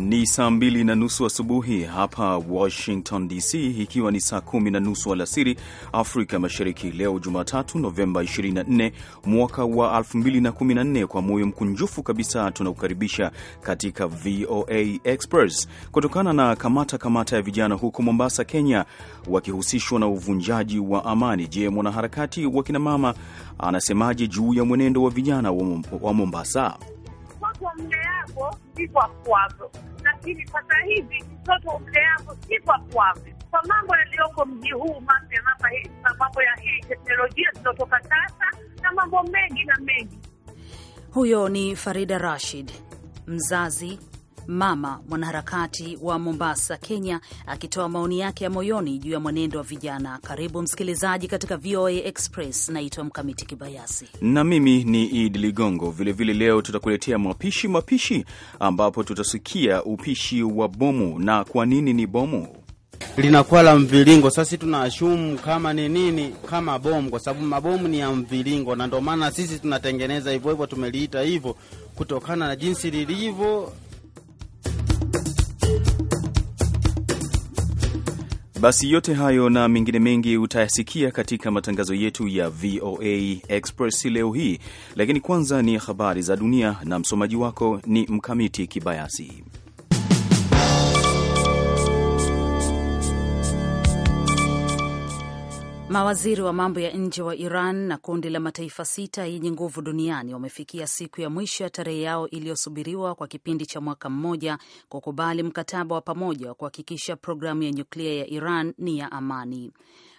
Ni saa mbili na nusu asubuhi wa hapa Washington DC, ikiwa ni saa kumi na nusu alasiri Afrika Mashariki. Leo Jumatatu, Novemba 24 mwaka wa 2014, kwa moyo mkunjufu kabisa tunakukaribisha katika VOA Express. Kutokana na kamata kamata ya vijana huko Mombasa, Kenya, wakihusishwa na uvunjaji wa amani, je, mwanaharakati wa kinamama anasemaje juu ya mwenendo wa vijana wa Mombasa? kuwa yako si kwa kwazo lakini sasa hivi mtoto mle yako si kwa kwazo Kwa mambo yaliyoko mji huu mapya hapa hivi, na mambo ya hii teknolojia zinaotoka sasa na mambo mengi na mengi. Huyo ni Farida Rashid, mzazi Mama, mwanaharakati wa Mombasa, Kenya, akitoa maoni yake ya moyoni juu ya mwenendo wa vijana. Karibu msikilizaji katika VOA Express. Naitwa Mkamiti Kibayasi na mimi ni Idi Ligongo. Vilevile leo tutakuletea mapishi mapishi, ambapo tutasikia upishi wa bomu na kwa nini ni bomu linakuwa la mviringo. Sasa tunashumu kama ni nini, kama bomu, kwa sababu mabomu ni ya mviringo, na ndio maana sisi tunatengeneza hivyo hivyo, tumeliita hivyo kutokana na jinsi lilivyo Basi yote hayo na mengine mengi utayasikia katika matangazo yetu ya VOA Express leo hii, lakini kwanza ni habari za dunia na msomaji wako ni Mkamiti Kibayasi. Mawaziri wa mambo ya nje wa Iran na kundi la mataifa sita yenye nguvu duniani wamefikia siku ya mwisho ya tarehe yao iliyosubiriwa kwa kipindi cha mwaka mmoja kukubali mkataba wa pamoja wa kuhakikisha programu ya nyuklia ya Iran ni ya amani.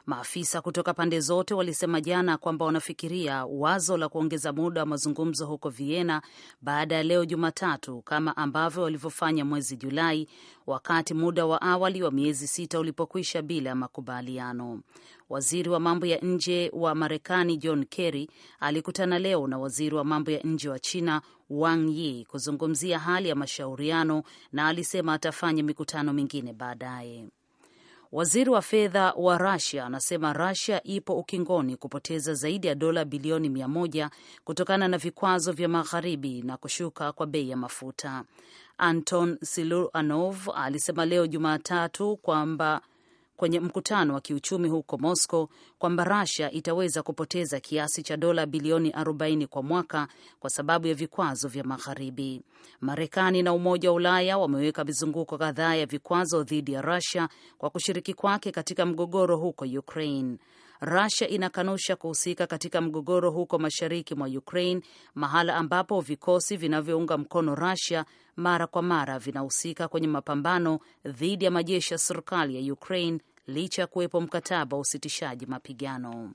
Maafisa kutoka pande zote walisema jana kwamba wanafikiria wazo la kuongeza muda wa mazungumzo huko Vienna baada ya leo Jumatatu, kama ambavyo walivyofanya mwezi Julai, wakati muda wa awali wa miezi sita ulipokwisha bila makubaliano. Waziri wa mambo ya nje wa Marekani John Kerry alikutana leo na waziri wa mambo ya nje wa China Wang Yi kuzungumzia hali ya mashauriano na alisema atafanya mikutano mingine baadaye. Waziri wa fedha wa rasia anasema rasia ipo ukingoni kupoteza zaidi ya dola bilioni mia moja kutokana na vikwazo vya magharibi na kushuka kwa bei ya mafuta. Anton Siluanov alisema leo Jumatatu kwamba kwenye mkutano wa kiuchumi huko Moscow kwamba Russia itaweza kupoteza kiasi cha dola bilioni 40 kwa mwaka kwa sababu ya vikwazo vya Magharibi. Marekani na Umoja wa Ulaya wameweka mizunguko kadhaa ya vikwazo dhidi ya Russia kwa kushiriki kwake katika mgogoro huko Ukraine. Russia inakanusha kuhusika katika mgogoro huko mashariki mwa Ukraine, mahala ambapo vikosi vinavyounga mkono Russia mara kwa mara vinahusika kwenye mapambano dhidi ya majeshi ya serikali ya Ukraine licha ya kuwepo mkataba wa usitishaji mapigano.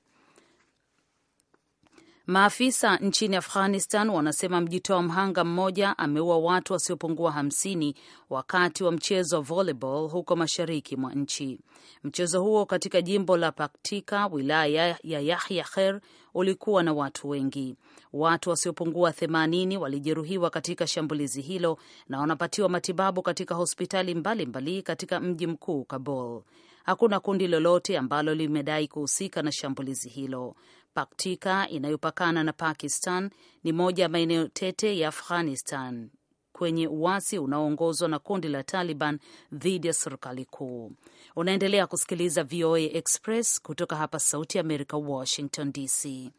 Maafisa nchini Afghanistan wanasema mjitoa mhanga mmoja ameua watu wasiopungua hamsini wakati wa mchezo wa volleyball huko mashariki mwa nchi. Mchezo huo katika jimbo la Paktika, wilaya ya Yahya Kher, ulikuwa na watu wengi. Watu wasiopungua themanini walijeruhiwa katika shambulizi hilo na wanapatiwa matibabu katika hospitali mbalimbali mbali katika mji mkuu Kabul. Hakuna kundi lolote ambalo limedai kuhusika na shambulizi hilo. Paktika inayopakana na Pakistan ni moja ya maeneo tete ya Afghanistan kwenye uasi unaoongozwa na kundi la Taliban dhidi ya serikali kuu. Unaendelea kusikiliza VOA Express kutoka hapa Sauti ya Amerika, Washington DC.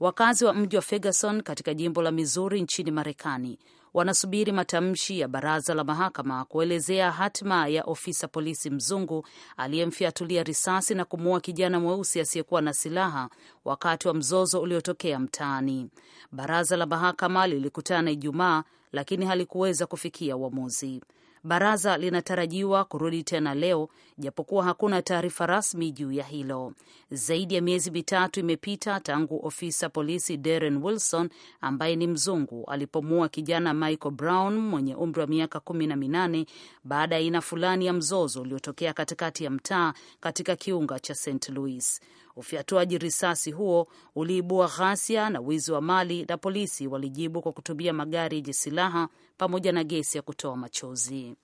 Wakazi wa mji wa Ferguson katika jimbo la Mizuri nchini Marekani wanasubiri matamshi ya baraza la mahakama kuelezea hatima ya ofisa polisi mzungu aliyemfiatulia risasi na kumuua kijana mweusi asiyekuwa na silaha wakati wa mzozo uliotokea mtaani. Baraza la mahakama lilikutana Ijumaa lakini halikuweza kufikia uamuzi. Baraza linatarajiwa kurudi tena leo japokuwa hakuna taarifa rasmi juu ya hilo. Zaidi ya miezi mitatu imepita tangu ofisa polisi Darren Wilson ambaye ni mzungu alipomua kijana Michael Brown mwenye umri wa miaka kumi na minane baada ya aina fulani ya mzozo uliotokea katikati ya mtaa katika kiunga cha St Louis. Ufyatuaji risasi huo uliibua ghasia na wizi wa mali na polisi walijibu kwa kutumia magari yenye silaha pamoja na gesi ya kutoa machozi.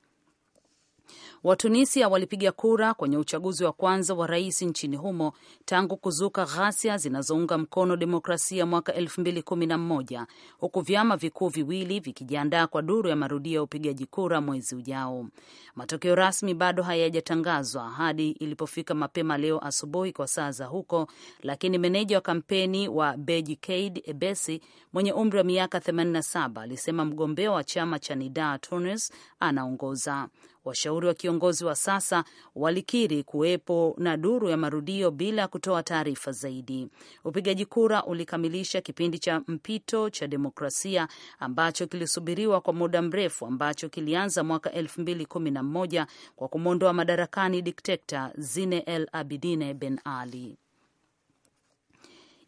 Watunisia walipiga kura kwenye uchaguzi wa kwanza wa rais nchini humo tangu kuzuka ghasia zinazounga mkono demokrasia mwaka 2011 huku vyama vikuu viwili vikijiandaa kwa duru ya marudio ya upigaji kura mwezi ujao. Matokeo rasmi bado hayajatangazwa hadi ilipofika mapema leo asubuhi kwa saa za huko, lakini meneja wa kampeni wa Bejikeid Ebesi mwenye umri wa miaka 87 alisema mgombea wa chama cha Nida Tunis anaongoza. Washauri wa kiongozi wa sasa walikiri kuwepo na duru ya marudio bila kutoa taarifa zaidi. Upigaji kura ulikamilisha kipindi cha mpito cha demokrasia ambacho kilisubiriwa kwa muda mrefu, ambacho kilianza mwaka elfu kumi na kwa kumwondoa madarakani dikteta Zine El Abidine Ben Ali.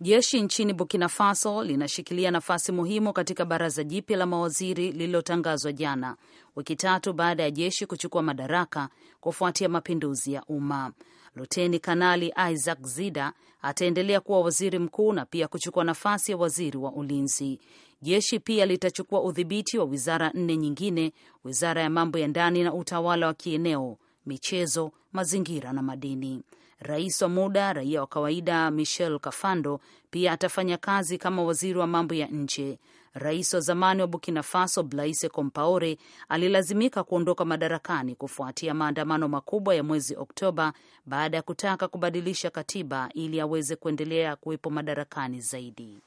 Jeshi nchini Burkina Faso linashikilia nafasi muhimu katika baraza jipya la mawaziri lililotangazwa jana, wiki tatu baada ya jeshi kuchukua madaraka kufuatia mapinduzi ya umma. Luteni Kanali Isaac Zida ataendelea kuwa waziri mkuu na pia kuchukua nafasi ya waziri wa ulinzi. Jeshi pia litachukua udhibiti wa wizara nne nyingine: wizara ya mambo ya ndani na utawala wa kieneo, michezo, mazingira na madini. Rais wa muda raia wa kawaida Michel Kafando pia atafanya kazi kama waziri wa mambo ya nje. Rais wa zamani wa Burkina Faso Blaise Compaore alilazimika kuondoka madarakani kufuatia maandamano makubwa ya mwezi Oktoba baada ya kutaka kubadilisha katiba ili aweze kuendelea kuwepo madarakani zaidi.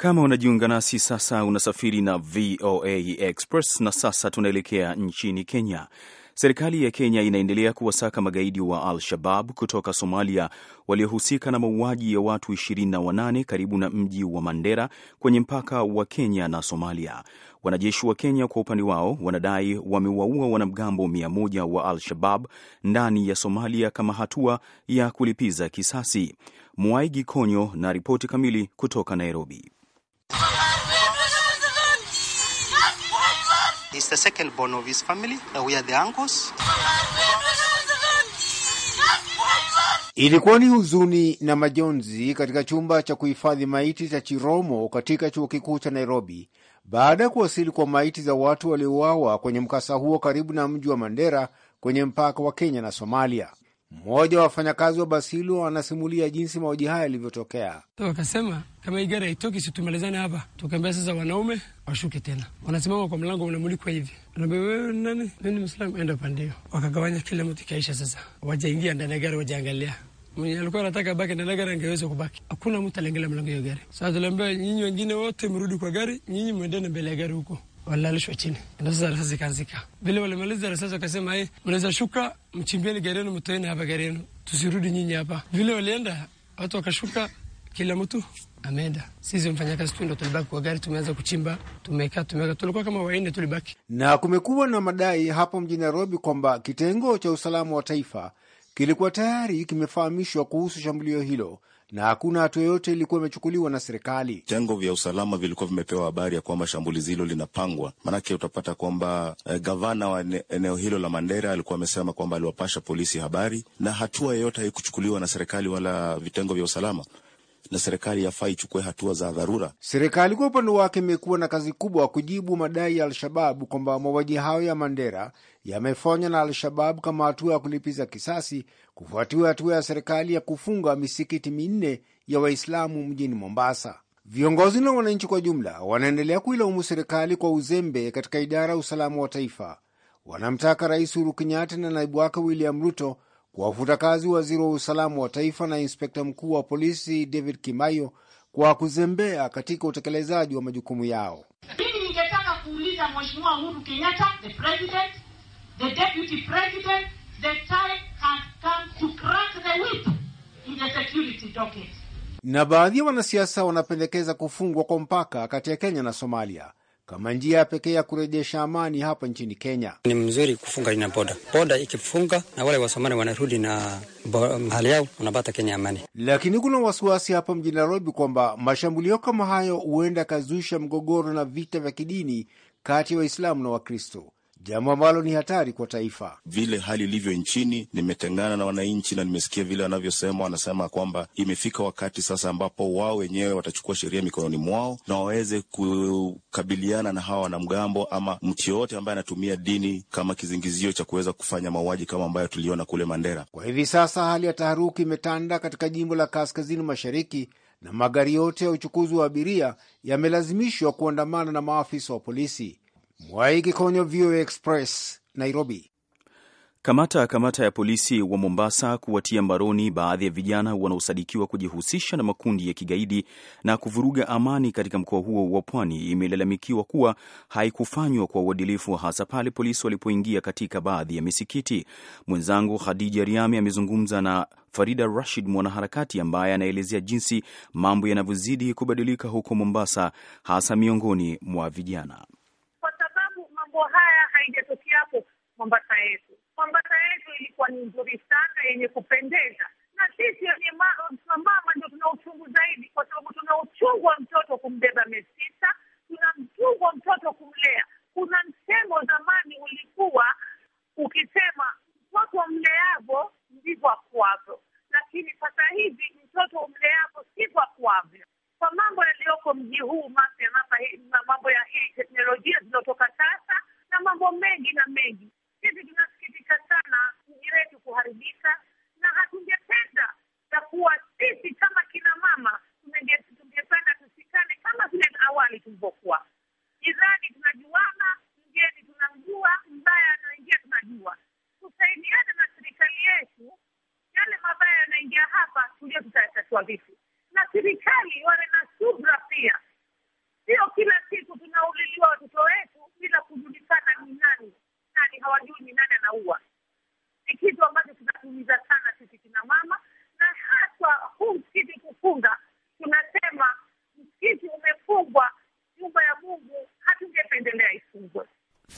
Kama unajiunga nasi sasa, unasafiri na VOA Express na sasa tunaelekea nchini Kenya. Serikali ya Kenya inaendelea kuwasaka magaidi wa Al-Shabab kutoka Somalia waliohusika na mauaji ya watu 28 karibu na mji wa Mandera kwenye mpaka wa Kenya na Somalia. Wanajeshi wa Kenya kwa upande wao wanadai wamewaua wanamgambo 100 wa Al-Shabab ndani ya Somalia kama hatua ya kulipiza kisasi. Mwaigi Konyo na ripoti kamili kutoka Nairobi. He's the second born of his family. We are the uncles. Ilikuwa ni huzuni na majonzi katika chumba cha kuhifadhi maiti cha Chiromo katika chuo kikuu cha Nairobi baada ya kuwasili kwa maiti za watu waliouawa kwenye mkasa huo karibu na mji wa Mandera kwenye mpaka wa Kenya na Somalia. Mmoja wa wafanyakazi wa Basilu anasimulia jinsi mauaji haya yalivyotokea. Wakasema kama hii gari haitoki, si tumalizane hapa. Tukaambia sasa wanaume washuke tena, wanasimama kwa mlango, unamulikwa hivi, naambia wewe nani? Mimi Mwislamu, enda pandio. Wakagawanya, kila mtu ikaisha. Sasa wajaingia ndani ya gari, wajaangalia mwenye alikuwa anataka baki ndani ya gari angeweza kubaki. Hakuna mtu aliangalia mlango ya gari. Sasa tuliambiwa nyinyi wengine wote mrudi kwa gari, nyinyi mwendene mbele ya gari huko walilalishwa chini, ndio sasa risasi zikazika. Vile walimaliza risasi wakasema, hey, eh, unaweza shuka, mchimbieni gari yenu, mtoeni hapa gari yenu, tusirudi nyinyi hapa. Vile walienda watu wakashuka, kila mtu ameenda. Sisi mfanyakazi tu ndo tulibaki kwa gari, tumeanza kuchimba, tumeka tumeka, tulikuwa kama waine tulibaki. Na kumekuwa na madai hapo mjini Nairobi kwamba kitengo cha usalama wa taifa kilikuwa tayari kimefahamishwa kuhusu shambulio hilo na hakuna hatua yoyote ilikuwa imechukuliwa na serikali. Vitengo vya usalama vilikuwa vimepewa habari ya kwamba shambulizi hilo linapangwa, maanake utapata kwamba eh, gavana wa eneo hilo la Mandera alikuwa amesema kwamba aliwapasha polisi habari, na hatua yoyote haikuchukuliwa na serikali wala vitengo vya usalama na serikali yafaa ichukue hatua za dharura. Serikali kwa upande wake imekuwa na kazi kubwa kujibu madai ya Al-Shababu kwamba mauaji hayo ya Mandera yamefanywa na Al-Shababu kama hatua ya kulipiza kisasi kufuatiwa hatua ya serikali ya kufunga misikiti minne ya Waislamu mjini Mombasa. Viongozi na wananchi kwa jumla wanaendelea kuilaumu serikali kwa uzembe katika idara ya usalama wa taifa. Wanamtaka Rais Uhuru Kenyatta na naibu wake William Ruto kuwafuta kazi waziri wa usalama wa taifa na inspekta mkuu wa polisi David Kimayo kwa kuzembea katika utekelezaji wa majukumu yao. Mimi ningetaka kuuliza Mheshimiwa Uhuru Kenyatta, the president, the deputy president, the time has come to crack the whip in the security docket. Na baadhi ya wanasiasa wanapendekeza kufungwa kwa mpaka kati ya Kenya na Somalia kama njia ya pekee ya kurejesha amani hapa nchini Kenya. Ni mzuri kufunga ina boda boda, ikifunga na wale wasomali wanarudi na mahali yao, unapata Kenya amani. Lakini kuna wasiwasi hapa mjini Nairobi kwamba mashambulio kama hayo huenda yakazuisha mgogoro na vita vya kidini kati ya Waislamu na Wakristo jambo ambalo ni hatari kwa taifa. Vile hali ilivyo nchini, nimetengana na wananchi na nimesikia vile wanavyosema. Wanasema kwamba imefika wakati sasa ambapo wao wenyewe watachukua sheria mikononi mwao na waweze kukabiliana na hawa wanamgambo ama mtu yoyote ambaye anatumia dini kama kizingizio cha kuweza kufanya mauaji kama ambayo tuliona kule Mandera. Kwa hivi sasa hali ya taharuki imetanda katika jimbo la kaskazini mashariki na magari yote ya uchukuzi wa abiria yamelazimishwa kuandamana na maafisa wa polisi. Mwai Kikonyo, VOA Express, Nairobi. Kamata kamata ya polisi wa Mombasa kuwatia mbaroni baadhi ya vijana wanaosadikiwa kujihusisha na makundi ya kigaidi na kuvuruga amani katika mkoa huo wa Pwani imelalamikiwa kuwa haikufanywa kwa uadilifu, hasa pale polisi walipoingia katika baadhi ya misikiti. Mwenzangu Khadija Riami amezungumza na Farida Rashid, mwanaharakati ambaye anaelezea jinsi mambo yanavyozidi kubadilika huko Mombasa, hasa miongoni mwa vijana haijatokea hapo Mombasa yetu. Mombasa yetu ilikuwa ni nzuri sana, yenye kupendeza, na sisi wenye mama ndio tuna uchungu zaidi, kwa sababu tuna uchungu wa mtoto kumbeba tisa, tuna uchungu wa mtoto kumlea. Kuna msemo zamani ulikuwa ukisema mtoto mleavo ndivyo akuavyo, lakini sasa hivi mtoto umleavo sivyo akuavyo. Kwa mambo yaliyoko mji huu mapya mambo ya hii teknolojia zilizotoka sasa mambo mengi na mengi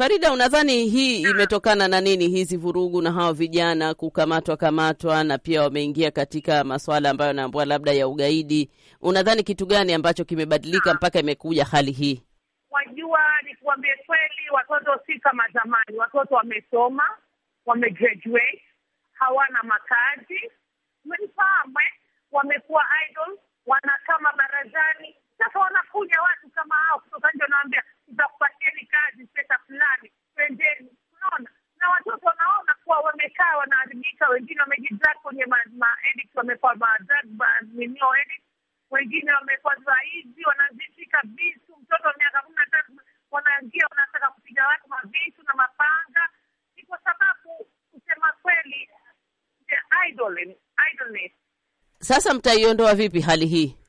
Farida, unadhani hii imetokana na nini, hizi vurugu na hawa vijana kukamatwa kamatwa, na pia wameingia katika masuala ambayo naambua labda ya ugaidi? Unadhani kitu gani ambacho kimebadilika mpaka imekuja hali hii? Wajua, nikuambie kweli, watoto si kama zamani. Watoto wamesoma, wamegraduate, hawana makazi, umenifahamu? Wamekuwa idol, wanakaa mabarazani. Sasa wanakuja watu kama hao kutoka nje, wanaambia za kazi pesa fulani, twendeni. Unaona, na watoto wanaona kuwa wamekaa wanaharibika, wengine wamejidra kwenye maedit, wamekuwa maninio edit, wengine wamekuwa zaidi, wanazishika vitu. Mtoto wa miaka kumi na tatu wanaingia wanataka kupiga watu mavitu na mapanga. Ni kwa sababu kusema kweli, Sasa mtaiondoa vipi hali hii?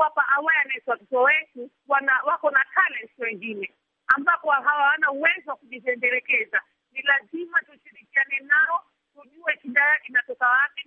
kuwapa awareness watoto wetu, wana wako na talents wengine ambapo hawana uwezo wa kujiendelekeza. Ni lazima tushirikiane nao, tujue shida yake inatoka wapi.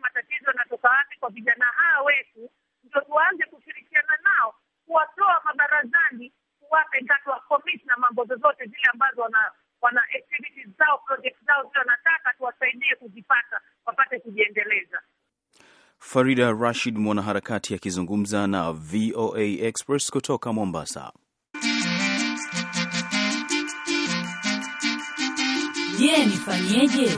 Farida Rashid, mwanaharakati akizungumza na VOA Express kutoka Mombasa. Je, nifanyeje?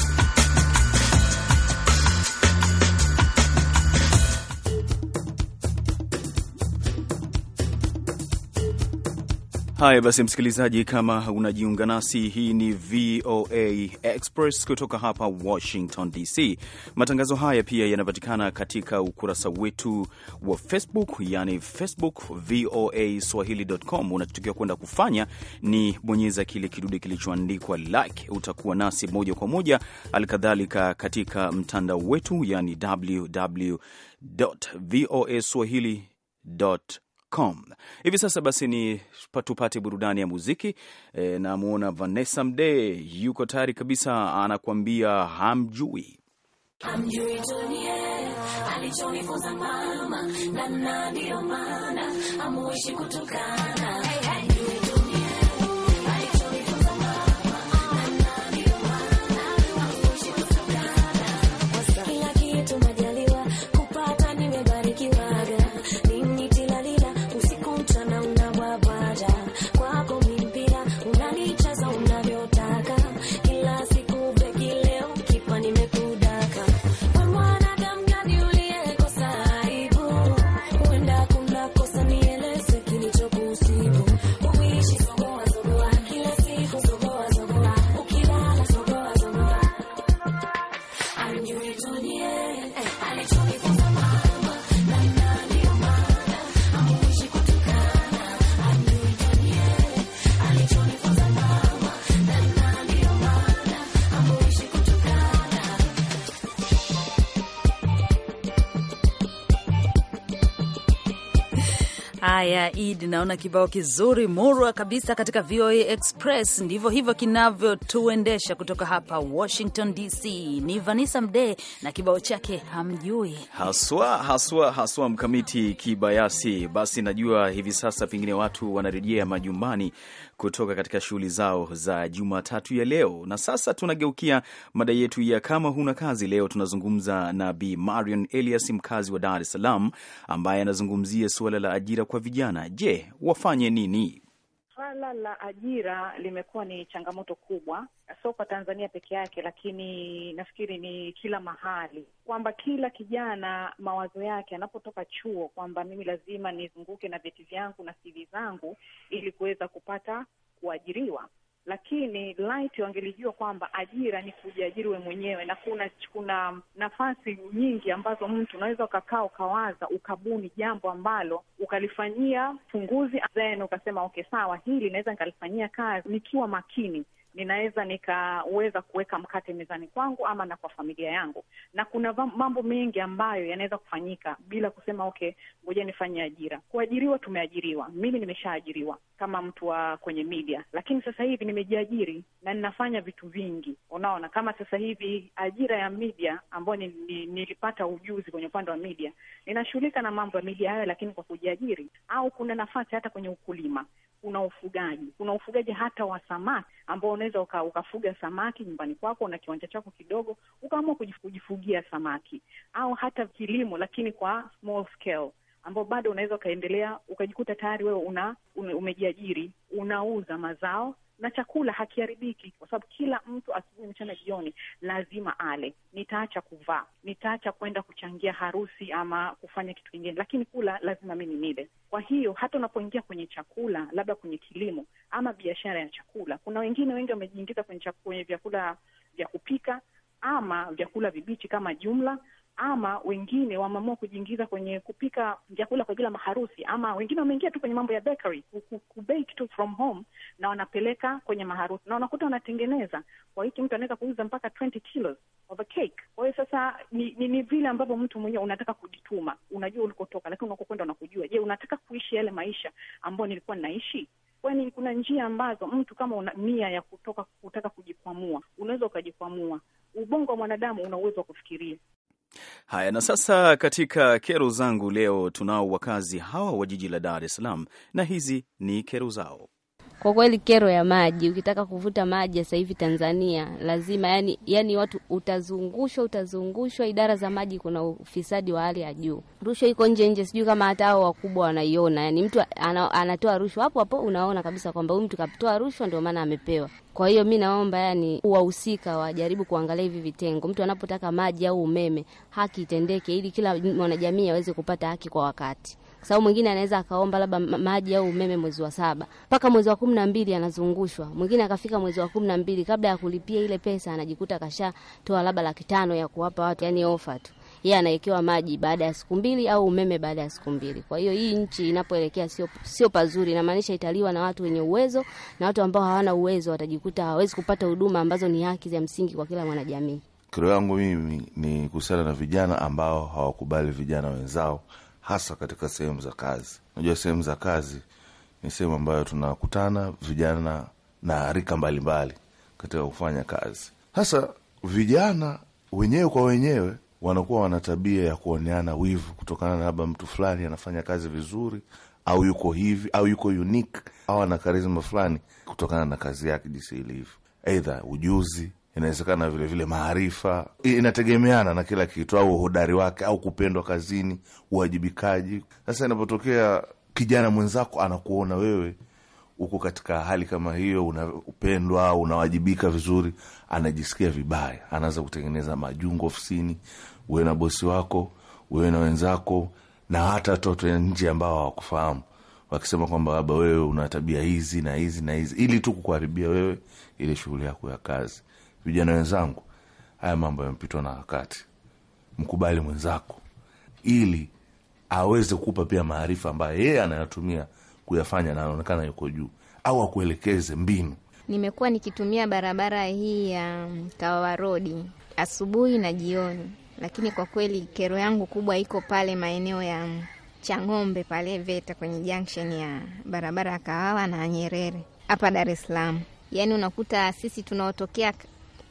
Haya basi, msikilizaji, kama unajiunga nasi, hii ni VOA Express kutoka hapa Washington DC. Matangazo haya pia yanapatikana katika ukurasa wetu wa Facebook, yani Facebook VOA Swahili.com. Unachotakiwa kwenda kufanya ni bonyeza kile kidude kilichoandikwa like, utakuwa nasi moja kwa moja. Halikadhalika katika mtandao wetu, yani www voa swahili.com com. Hivi sasa basi ni tupate burudani ya muziki e, namwona Vanessa Mdee yuko tayari kabisa, anakuambia hamjui hamjui tulie alichonifunza mama, na ndio maana amuishi kutukana Haya, Idi, naona kibao kizuri murwa kabisa katika VOA Express. Ndivyo hivyo kinavyotuendesha kutoka hapa Washington DC. Ni Vanessa Mdee na kibao chake hamjui haswa haswa haswa, mkamiti kibayasi. Basi najua hivi sasa pengine watu wanarejea majumbani kutoka katika shughuli zao za Jumatatu ya leo. Na sasa tunageukia mada yetu ya kama huna kazi. Leo tunazungumza na Bi Marion Elias, mkazi wa Dar es Salaam, ambaye anazungumzia suala la ajira kwa vijana. Je, wafanye nini? Swala la ajira limekuwa ni changamoto kubwa, sio kwa Tanzania peke yake, lakini nafikiri ni kila mahali, kwamba kila kijana mawazo yake anapotoka chuo kwamba mimi lazima nizunguke na vyeti vyangu na CV zangu ili kuweza kupata kuajiriwa lakini light wangelijua kwamba ajira ni kujiajiri we mwenyewe, na kuna kuna nafasi nyingi ambazo mtu unaweza ukakaa ukawaza ukabuni jambo ambalo ukalifanyia funguzi, then ukasema okay, sawa, hili naweza nikalifanyia kazi nikiwa makini ninaweza nikaweza kuweka mkate mezani kwangu ama na kwa familia yangu, na kuna mambo mengi ambayo yanaweza kufanyika bila kusema okay, ngoja nifanye ajira. Kuajiriwa, tumeajiriwa, mimi nimeshaajiriwa kama mtu wa kwenye media, lakini sasa hivi nimejiajiri na ninafanya vitu vingi. Unaona, kama sasa hivi ajira ya media ambayo ni, ni, nilipata ujuzi kwenye upande wa media, ninashughulika na mambo ya media hayo, lakini kwa kujiajiri, au kuna nafasi hata kwenye ukulima, kuna ufugaji, kuna ufugaji hata wa samaki ambao unaweza uka, ukafuga samaki nyumbani kwako, una kiwanja chako kidogo, ukaamua kujifugia samaki au hata kilimo, lakini kwa small scale ambao bado unaweza ukaendelea ukajikuta tayari wewe una, ume, umejiajiri unauza mazao na chakula hakiharibiki, kwa sababu kila mtu asubuhi, mchana, jioni lazima ale. Nitaacha kuvaa, nitaacha kwenda kuchangia harusi ama kufanya kitu kingine, lakini kula lazima mimi nile. Kwa hiyo hata unapoingia kwenye chakula, labda kwenye kilimo ama biashara ya chakula, kuna wengine wengi wamejiingiza kwenye, kwenye vyakula vya kupika ama vyakula vibichi kama jumla ama wengine wameamua kujiingiza kwenye kupika vyakula kwa ajili ya maharusi, ama wengine wameingia tu kwenye mambo ya bakery, kubake tu from home, na wanapeleka kwenye maharusi na wanakuta wanatengeneza. Kwa hiki mtu anaweza kuuza mpaka 20 kilos of a cake. Kwa hiyo sasa ni, ni, ni vile ambavyo mtu mwenyewe unataka kujituma, unajua ulikotoka, lakini unakokwenda unakujua. Je, unataka kuishi yale maisha ambayo nilikuwa ninaishi? Kwani kuna njia ambazo mtu kama una nia ya kutoka kutaka kujikwamua, unaweza ukajikwamua. Ubongo wa mwanadamu una uwezo wa kufikiria. Haya, na sasa katika kero zangu leo tunao wakazi hawa wa jiji la Dar es Salaam, na hizi ni kero zao kwa kweli kero ya maji. Ukitaka kuvuta maji sasa hivi Tanzania lazima yani, yani watu utazungushwa utazungushwa. Idara za maji kuna ufisadi wa hali ya juu, rushwa iko nje nje, sijui kama hata hao wakubwa wanaiona. Yani mtu ana, anatoa rushwa hapo hapo, unaona kabisa kwamba huyu mtu kapitoa rushwa, ndio maana amepewa. Kwa hiyo mi naomba yani wahusika wajaribu kuangalia hivi vitengo, mtu anapotaka maji au umeme haki itendeke, ili kila mwanajamii aweze kupata haki kwa wakati kwa sababu mwingine anaweza akaomba labda maji au umeme mwezi wa saba mpaka mwezi wa kumi na mbili anazungushwa. Mwingine akafika mwezi wa kumi na mbili, kabla ya kulipia ile pesa anajikuta kashatoa labda laki tano ya kuwapa watu, yani ofa tu yeye anawekewa maji baada ya siku mbili au umeme baada ya siku mbili. Kwa hiyo hii nchi inapoelekea sio sio pazuri, inamaanisha italiwa na watu wenye uwezo, na watu ambao hawana uwezo watajikuta hawawezi kupata huduma ambazo ni haki za msingi kwa kila mwanajamii. Kero yangu mimi ni kuhusiana na vijana ambao hawakubali vijana wenzao hasa katika sehemu za kazi. Unajua, sehemu za kazi ni sehemu ambayo tunakutana vijana na rika mbalimbali katika kufanya kazi. Sasa vijana wenyewe kwa wenyewe wanakuwa wana tabia ya kuoneana wivu kutokana na labda mtu fulani anafanya kazi vizuri au yuko hivi au yuko unique au ana karisma fulani kutokana na kazi yake jinsi ilivyo, aidha ujuzi inawezekana vilevile maarifa, inategemeana na kila kitu, au uhodari wake, au kupendwa kazini, uwajibikaji. Sasa inapotokea kijana mwenzako anakuona wewe uko katika hali kama hiyo, unapendwa, unawajibika vizuri, anajisikia vibaya, anaanza kutengeneza majungu ofisini, wewe na bosi wako, wewe na wenzako, na hata watoto ya nje ambao hawakufahamu wakisema kwamba labda wewe una tabia hizi na hizi na hizi, ili tu kukuharibia wewe ile shughuli yako ya kazi vijana wenzangu, haya mambo yamepitwa na wakati. Mkubali mwenzako ili aweze kupa pia maarifa ambayo yeye anayatumia kuyafanya na anaonekana yuko juu, au akuelekeze mbinu. Nimekuwa nikitumia barabara hii ya um, Kawawa Road asubuhi na jioni, lakini kwa kweli kero yangu kubwa iko pale maeneo ya Chang'ombe pale VETA kwenye junction ya barabara ya Kawawa na Nyerere hapa Dar es Salaam. Yaani unakuta sisi tunaotokea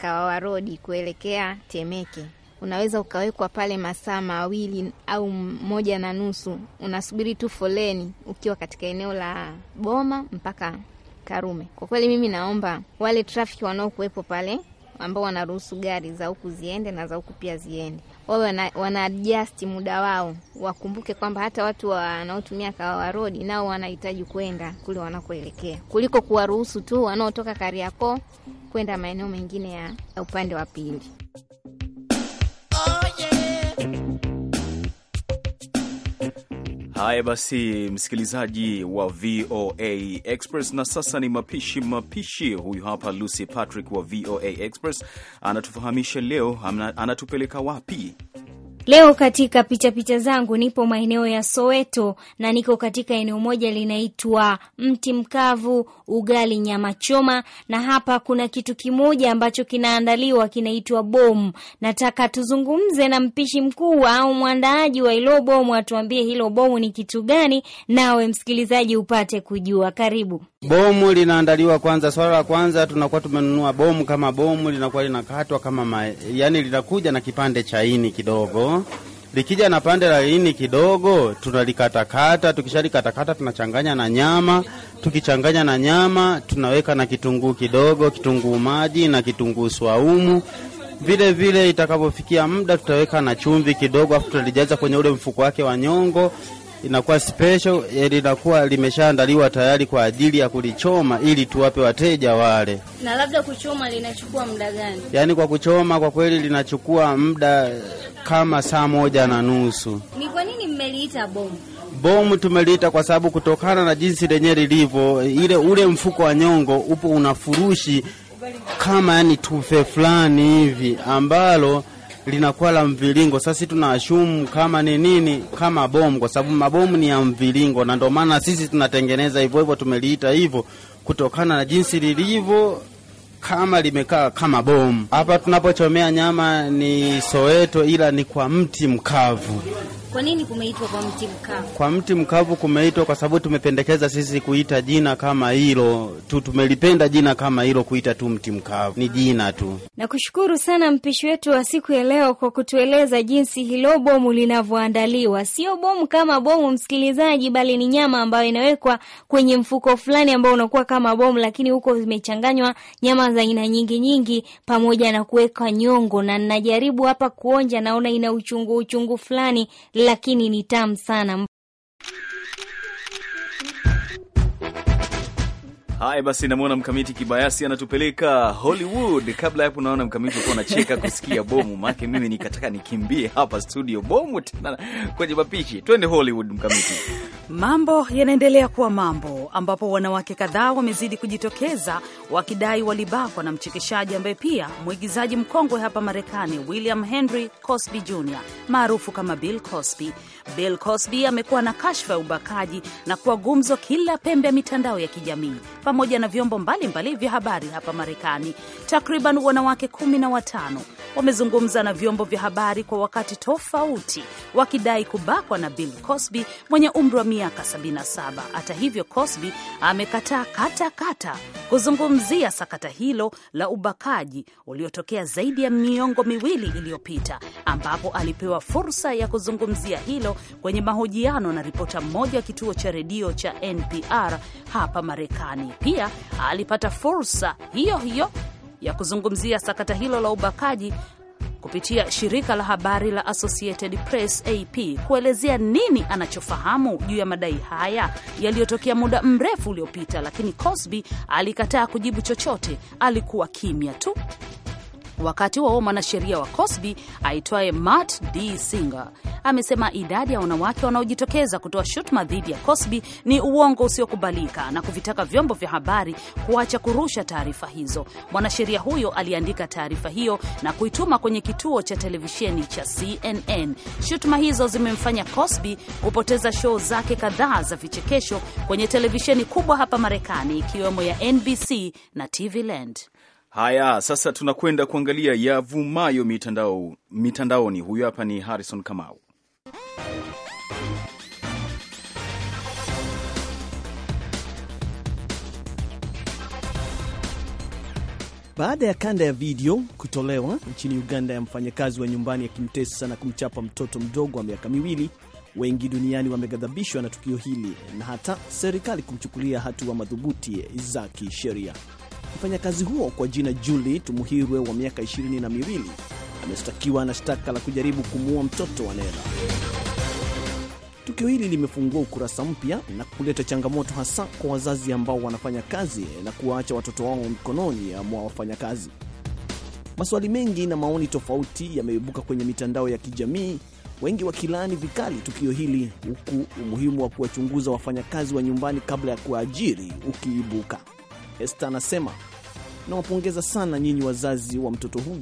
Kawawa Road kuelekea Temeke, unaweza ukawekwa pale masaa mawili au moja na nusu, unasubiri tu foleni ukiwa katika eneo la Boma mpaka Karume. Kwa kweli mimi naomba wale trafiki wanaokuwepo pale ambao wanaruhusu gari za huku ziende na za huku pia ziende. Wawe wana adjust muda wao, wakumbuke kwamba hata watu wanaotumia Kawawa Road nao wanahitaji kwenda kule wanakoelekea, kuliko kuwaruhusu tu wanaotoka Kariakoo kwenda maeneo mengine ya upande wa pili. Oh, yeah. Haya basi, msikilizaji wa VOA Express, na sasa ni mapishi mapishi. Huyu hapa Lucy Patrick wa VOA Express anatufahamisha leo anatupeleka wapi? Leo katika pichapicha picha zangu nipo maeneo ya Soweto na niko katika eneo moja linaitwa Mti Mkavu Ugali Nyama Choma, na hapa kuna kitu kimoja ambacho kinaandaliwa kinaitwa bomu. Nataka tuzungumze na mpishi mkuu au mwandaaji wa hilo bomu atuambie hilo bomu ni kitu gani, nawe msikilizaji upate kujua. Karibu. Bomu linaandaliwa kwanza, swala la kwanza tunakuwa tumenunua bomu. Kama bomu linakuwa linakatwa kama ma, yani linakuja na kipande cha ini kidogo likija na pande la ini kidogo, tunalikatakata. Tukishalikatakata tunachanganya na nyama. Tukichanganya na nyama, tunaweka na kitunguu kidogo, kitunguu maji na kitunguu swaumu. Vile vile itakapofikia muda tutaweka na chumvi kidogo, afu tutalijaza kwenye ule mfuko wake wa nyongo, inakuwa special, linakuwa limeshaandaliwa tayari kwa ajili ya kulichoma ili tuwape wateja wale. Na labda kuchoma linachukua muda gani? Yaani kwa kuchoma kwa kweli linachukua muda kama saa moja na nusu. Ni kwa nini mmeliita bomu? Bomu tumeliita kwa sababu kutokana na jinsi lenyewe lilivyo, ile ule mfuko wa nyongo upo unafurushi kama yani tufe fulani hivi ambalo linakuwa la mviringo. Sasa tunaashumu kama ni nini, kama bomu, kwa sababu mabomu ni ya mviringo, na ndio maana sisi tunatengeneza hivyo hivyo, tumeliita hivyo kutokana na jinsi lilivyo kama limekaa kama bomu. Hapa tunapochomea nyama ni Soweto, ila ni kwa mti mkavu. Kwa nini kumeitwa kwa mti mkavu? Kwa mti mkavu kumeitwa kwa sababu tumependekeza sisi kuita jina kama hilo tu, tumelipenda jina kama hilo, kuita tu mti mkavu ni jina tu. Nakushukuru sana mpishi wetu wa siku ya leo kwa kutueleza jinsi hilo bomu linavyoandaliwa. Sio bomu kama bomu, msikilizaji, bali ni nyama ambayo inawekwa kwenye mfuko fulani ambao unakuwa kama bomu, lakini huko zimechanganywa nyama za aina nyingi nyingi, pamoja na kuweka nyongo, na ninajaribu hapa kuonja, naona ina uchungu uchungu fulani lakini ni tamu sana. Haya basi, namwona mkamiti kibayasi anatupeleka Hollywood. Kabla yapo, naona mkamiti ukuwa unacheka kusikia bomu make, mimi nikataka nikimbie hapa studio, bomu tena kwenye mapishi. Twende Hollywood, mkamiti. Mambo yanaendelea kuwa mambo, ambapo wanawake kadhaa wamezidi kujitokeza wakidai walibakwa na mchekeshaji ambaye pia mwigizaji mkongwe hapa Marekani, William Henry Cosby Jr maarufu kama Bill Cosby. Bill Cosby amekuwa na kashfa ya ubakaji na kuwa gumzo kila pembe ya mitandao ya kijamii pamoja na vyombo mbalimbali vya habari hapa Marekani. Takriban wanawake kumi na watano wamezungumza na vyombo vya habari kwa wakati tofauti wakidai kubakwa na Bill Cosby mwenye umri wa miaka 77. Hata hivyo, Cosby amekataa kata katakata kuzungumzia sakata hilo la ubakaji uliotokea zaidi ya miongo miwili iliyopita, ambapo alipewa fursa ya kuzungumzia hilo kwenye mahojiano na ripota mmoja wa kituo cha redio cha NPR hapa Marekani. Pia alipata fursa hiyo hiyo ya kuzungumzia sakata hilo la ubakaji kupitia shirika la habari la Associated Press AP kuelezea nini anachofahamu juu ya madai haya yaliyotokea muda mrefu uliopita, lakini Cosby alikataa kujibu chochote, alikuwa kimya tu. Wakati huo mwanasheria wa Cosby aitwaye Matt D. Singer amesema idadi ya wanawake wanaojitokeza kutoa shutuma dhidi ya Cosby ni uongo usiokubalika na kuvitaka vyombo vya habari kuacha kurusha taarifa hizo. Mwanasheria huyo aliandika taarifa hiyo na kuituma kwenye kituo cha televisheni cha CNN. Shutuma hizo zimemfanya Cosby kupoteza show zake kadhaa za vichekesho kwenye televisheni kubwa hapa Marekani, ikiwemo ya NBC na TV Land. Haya, sasa tunakwenda kuangalia yavumayo mitandaoni. Mitandao huyo hapa ni Harrison Kamau. Baada ya kanda ya video kutolewa nchini Uganda ya mfanyakazi wa nyumbani akimtesa na kumchapa mtoto mdogo wa miaka miwili, wengi duniani wameghadhabishwa na tukio hili na hata serikali kumchukulia hatua madhubuti za kisheria. Mfanyakazi huo kwa jina Julie Tumuhirwe wa miaka ishirini na miwili ameshtakiwa na shtaka la kujaribu kumuua mtoto wa Nera. Tukio hili limefungua ukurasa mpya na kuleta changamoto hasa kwa wazazi ambao wanafanya kazi na kuwaacha watoto wao mikononi mwa wafanyakazi. Maswali mengi na maoni tofauti yameibuka kwenye mitandao ya kijamii, wengi wakilaani vikali tukio hili, huku umuhimu wa kuwachunguza wafanyakazi wa nyumbani kabla ya kuwaajiri ukiibuka. Esta anasema, nawapongeza sana nyinyi wazazi wa mtoto huyu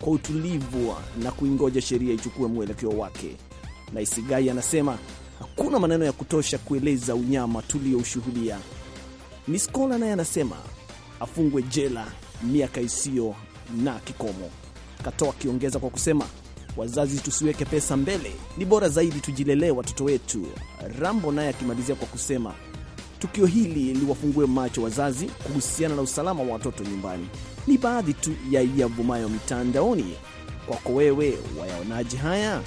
kwa utulivu na kuingoja sheria ichukue mwelekeo wake. Naisigai anasema hakuna maneno ya kutosha kueleza unyama tuliyoushuhudia. miskola naye anasema afungwe jela miaka isiyo na kikomo. Katoa akiongeza kwa kusema wazazi tusiweke pesa mbele, ni bora zaidi tujilelee watoto wetu. Rambo naye akimalizia kwa kusema tukio hili liwafungue macho wazazi kuhusiana na usalama wa watoto nyumbani. Ni baadhi tu ya yavumayo mitandaoni. Kwako wewe, wayaonaje haya?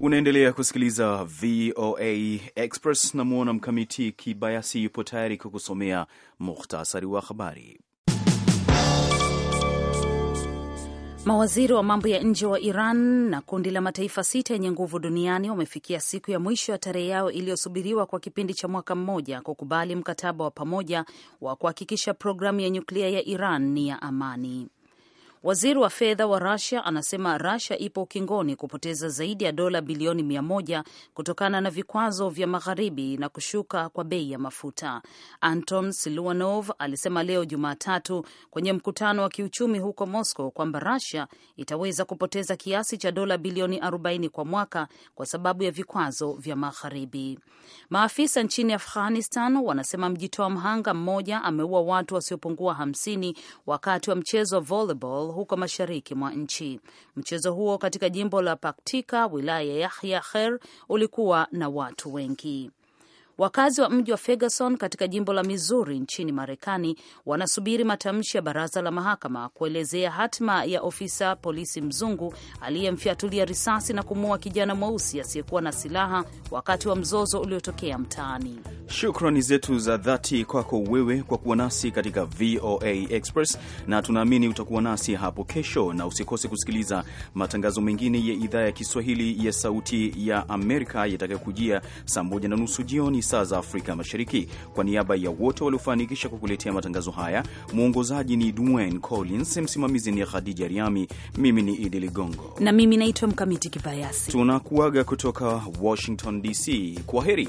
Unaendelea kusikiliza VOA Express. Namwona Mkamiti Kibayasi yupo tayari kukusomea muhtasari wa habari. Mawaziri wa mambo ya nje wa Iran na kundi la mataifa sita yenye nguvu duniani wamefikia siku ya mwisho ya tarehe yao iliyosubiriwa kwa kipindi cha mwaka mmoja kukubali mkataba wa pamoja wa kuhakikisha programu ya nyuklia ya Iran ni ya amani. Waziri wa fedha wa rusia anasema rasia ipo ukingoni kupoteza zaidi ya dola bilioni mia moja kutokana na vikwazo vya magharibi na kushuka kwa bei ya mafuta. Anton Siluanov alisema leo Jumatatu kwenye mkutano wa kiuchumi huko Moscow kwamba rasia itaweza kupoteza kiasi cha dola bilioni 40 kwa mwaka kwa sababu ya vikwazo vya magharibi. Maafisa nchini Afghanistan wanasema mjitoa mhanga mmoja ameua watu wasiopungua 50 wakati wa mchezo wa volleyball huko mashariki mwa nchi. Mchezo huo katika jimbo la Paktika, wilaya ya Yahya Kher, ulikuwa na watu wengi. Wakazi wa mji wa Ferguson katika jimbo la Missouri nchini Marekani wanasubiri matamshi ya baraza la mahakama kuelezea hatima ya ofisa polisi mzungu aliyemfyatulia risasi na kumuua kijana mweusi asiyekuwa na silaha wakati wa mzozo uliotokea mtaani. Shukrani zetu za dhati kwako wewe kwa kuwa nasi katika VOA Express, na tunaamini utakuwa nasi hapo kesho, na usikose kusikiliza matangazo mengine ya idhaa ya Kiswahili ya Sauti ya Amerika yatakayokujia saa moja na nusu jioni jioni saa za Afrika Mashariki. Kwa niaba ya wote waliofanikisha kukuletea matangazo haya, mwongozaji ni Dwayne Collins, msimamizi ni Khadija Riami, mimi ni Idi Ligongo na mimi naitwa Mkamiti Kibayasi. Tunakuaga kutoka Washington DC. Kwa heri.